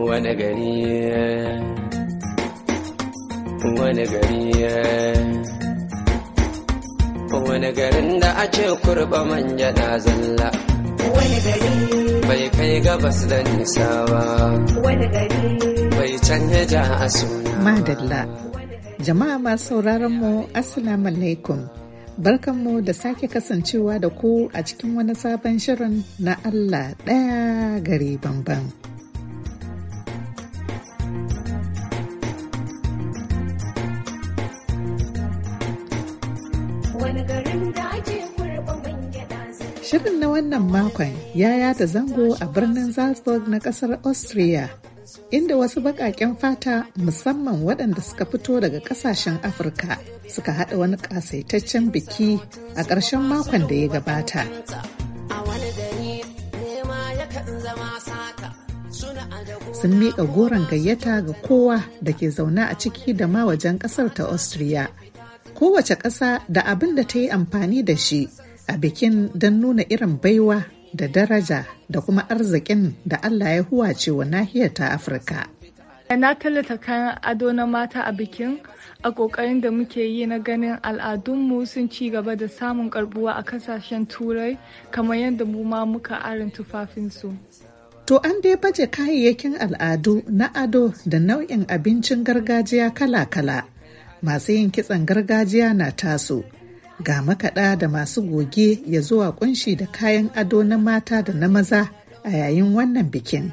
wani gari wani gari wani garin da a ce kurba manja na zalla wani gari bai kai gabas da nisa ba wani gari bai canja ja a suna madalla jama'a masu sauraron mu assalamu alaikum Barkanmu da sake kasancewa da ku a cikin wani sabon shirin na Allah ɗaya gari bambam. Shirin na wannan makon ya yada zango a birnin Salzburg na kasar Austria, inda wasu baƙaƙen fata musamman waɗanda suka fito daga ƙasashen Afirka suka haɗa wani ƙasaitaccen biki a ƙarshen makon da ya gabata. Sun miƙa goron gayyata ga kowa da ke zaune a ciki da ma wajen ƙasar ta Austria. kowace ƙasa da abin da ta yi amfani da shi a bikin don nuna irin baiwa da daraja da kuma arzikin da Allah ya huwace wa nahiyar ta Afirka. Na tallata kayan ado na mata a bikin a ƙoƙarin da muke yi na ganin al'adunmu sun ci gaba da samun karbuwa a kasashen turai kamar yadda mu ma muka arin tufafinsu. To an dai baje kayayyakin al'adu na ado da nau'in abincin gargajiya kala-kala masu yin kitson gargajiya na taso ga makaɗa da masu goge ya zuwa kunshi da kayan ado na mata da na maza a yayin wannan bikin.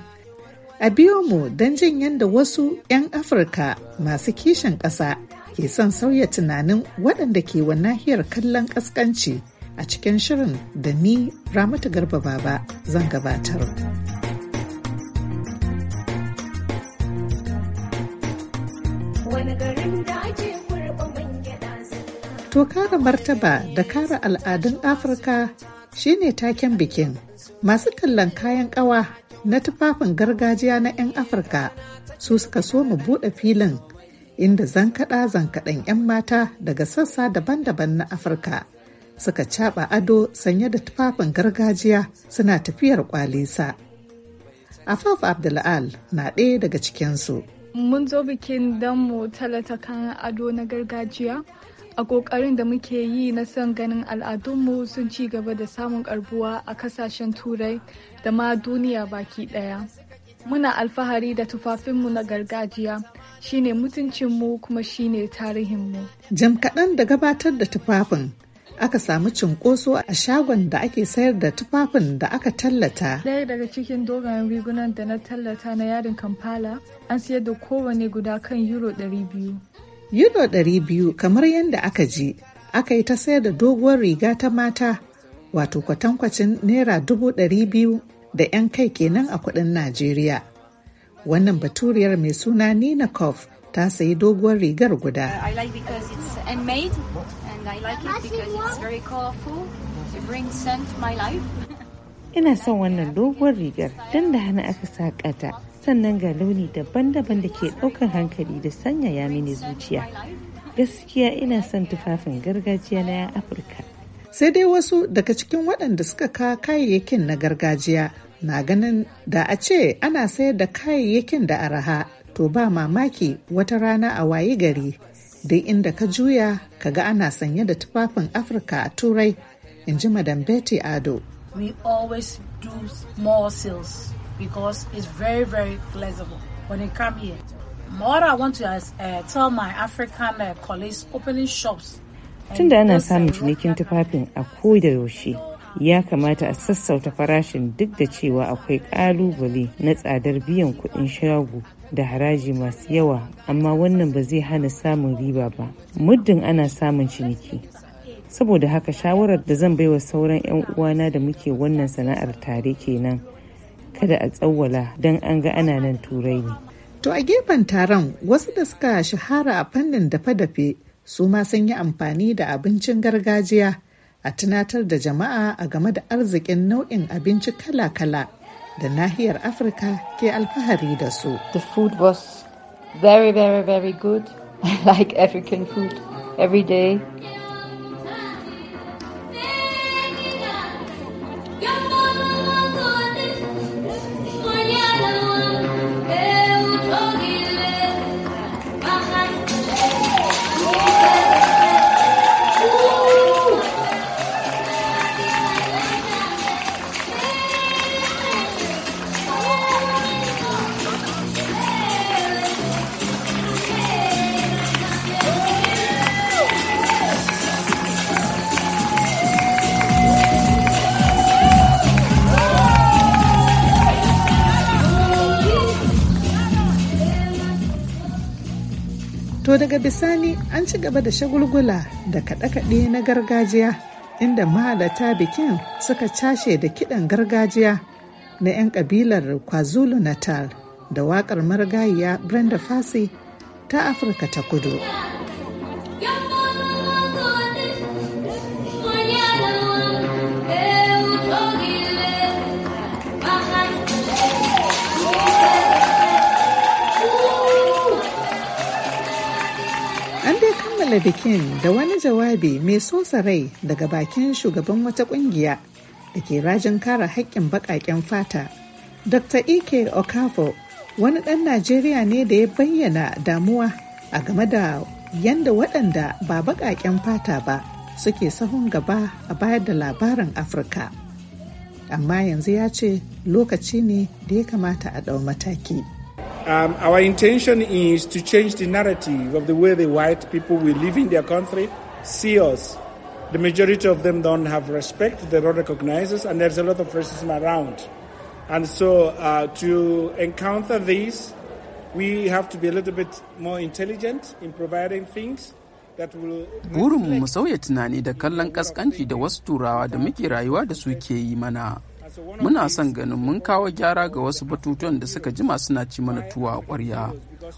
A biyo mu don jin yadda wasu 'yan Afirka masu kishin ƙasa ke son sauya tunanin waɗanda ke wa nahiyar kallon ƙasƙanci a cikin shirin da ni Ramatu Garba Baba zan gabatar. wani To kare martaba da kara al'adun Afirka shine taken bikin. Masu kallon kayan kawa na tufafin gargajiya na 'yan Afirka su suka so mu buɗe filin inda zankaɗa zankaɗan 'yan mata daga sassa daban-daban na Afirka suka caɓa ado sanye da tufafin gargajiya suna tafiyar kwalisa. Afaf Abdul'al na ɗaya daga cikinsu. mun zo bikin danmu mu talata kan ado na gargajiya a kokarin da muke yi na son ganin al'adunmu sun ci gaba da samun karbuwa a kasashen turai da ma duniya baki ɗaya muna alfahari da tufafinmu na gargajiya shine mutuncinmu kuma shine tarihinmu jam kaɗan da gabatar da tufafin aka samu cinkoso a shagon da ake sayar da tufafin da aka tallata. Ɗaya daga cikin dogayen rigunan da na tallata na yarin Kampala an sayar da kowane guda kan euro 200. Euro 200 kamar yadda aka ji aka yi ta sayar da doguwar riga ta mata wato kwatankwacin naira dubu ɗari biyu da 'yan kai kenan a kuɗin Najeriya. Wannan baturiyar mai suna Nina Koff ta sayi doguwar rigar guda. Ina son wannan doguwar rigar don da hana aka saƙa ta sannan ga launi daban-daban da ke ɗaukar hankali da sanyaya mini zuciya. Gaskiya ina son tufafin gargajiya na 'yan Afirka. Sai dai wasu daga cikin waɗanda suka ka kayayyakin na gargajiya na ganin da a ce ana sayar da kayayyakin da araha to ba mamaki wata rana a waye gari dai inda ka juya ka ga ana sanye da tufafin afirka a turai in ji madam betty ado we always do more sales because it's very very flexible when you come here more i want to uh, tell my african uh, colleagues opening shops tunda ana samun uh, cinikin tufafin a koda yaushe ya kamata a sassauta farashin duk da cewa akwai kalubale na tsadar biyan kuɗin shago da haraji masu yawa amma wannan ba zai hana samun riba ba muddin ana samun ciniki saboda haka shawarar da zan baiwa sauran 'yan uwana da muke wannan sana'ar tare kenan kada a tsawwala don an ga ana nan turai ne to a gefen taron wasu da suka shahara a fannin dafe-dafe su ma sun yi amfani da abincin gargajiya a tunatar da jama'a a game da arzikin nau'in abinci kala-kala da nahiyar Afirka ke alfahari da su. The food was very very very good like African food every day. To daga bisani an ci gaba da shagulgula da kaɗe-kaɗe na gargajiya inda mahalata bikin suka cashe da kiɗan gargajiya na 'yan ƙabilar KwaZulu Natal da waƙar marigayiya Brenda Fassie ta Afirka ta Kudu. kammala bikin da wani jawabi mai sosa rai daga bakin shugaban wata kungiya da ke rajin kare haƙƙin baƙaƙen fata. Dr. Ike e Okafo wani ɗan Najeriya ne da ya bayyana damuwa a game da yadda waɗanda ba baƙaƙen fata ba suke sahun gaba a bayar da labarin Afirka. Amma yanzu ya ce lokaci ne da ya kamata a ɗau mataki. Um, our intention is to change the narrative of the way the white people we live in their country see us. The majority of them don't have respect, they don't recognize us, and there's a lot of racism around. And so, uh, to encounter this, we have to be a little bit more intelligent in providing things. burin mu sauya tunani da kallon kaskanci da wasu turawa da muke rayuwa da su ke yi mana. Muna son ganin mun kawo gyara ga wasu batutuwan da suka jima suna ci mana tuwa a ƙwarya.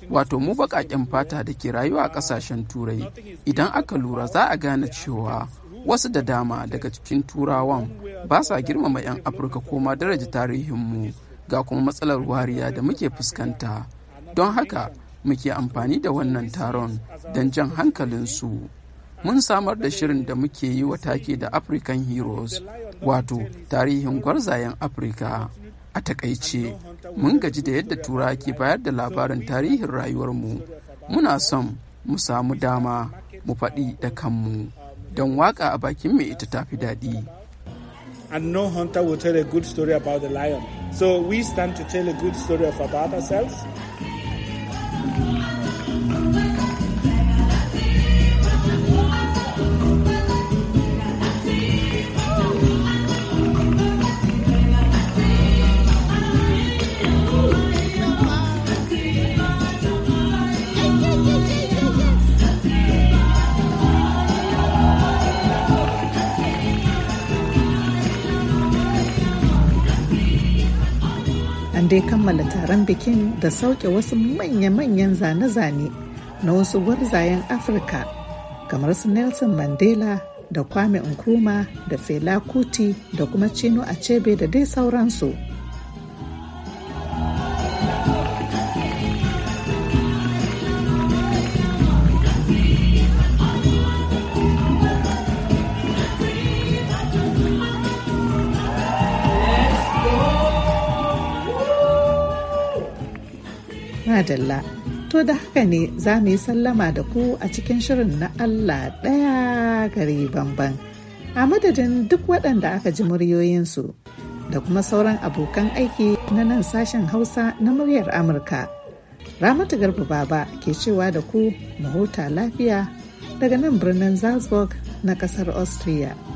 Wato mu baƙaƙen fata da ke rayuwa a ƙasashen turai idan aka lura za a gane cewa wasu da dama daga cikin turawan ba sa girmama 'yan afirka ko ma daraja tarihinmu ga kuma matsalar wariya da muke fuskanta don haka muke amfani da wannan taron don jan hankalinsu mun samar da shirin da muke yi wa take da african heroes wato tarihin gwarzayen afirka a takaice mun gaji da yadda tura ke bayar da labarin tarihin rayuwarmu muna son mu samu dama mu faɗi da kanmu don waka a bakin mai ita tafi daɗi and no hunter will tell a good story about the lion so we stand to tell a good story of about ourselves dai kammala taron bikin da sauke wasu manya-manyan zane-zane na wasu gwarzayen afirka kamar su nelson mandela da kwame nkrumah da fela kuti da kuma chino achebe da dai sauransu dalla To da haka ne za mu yi sallama da ku a cikin shirin na Allah ɗaya gari bamban. A madadin duk waɗanda aka ji muryoyinsu da kuma sauran abokan aiki na nan sashen Hausa na muryar Amurka. Ramatu Garba Baba ke cewa da ku mahuta lafiya daga nan birnin Salzburg na ƙasar Austria.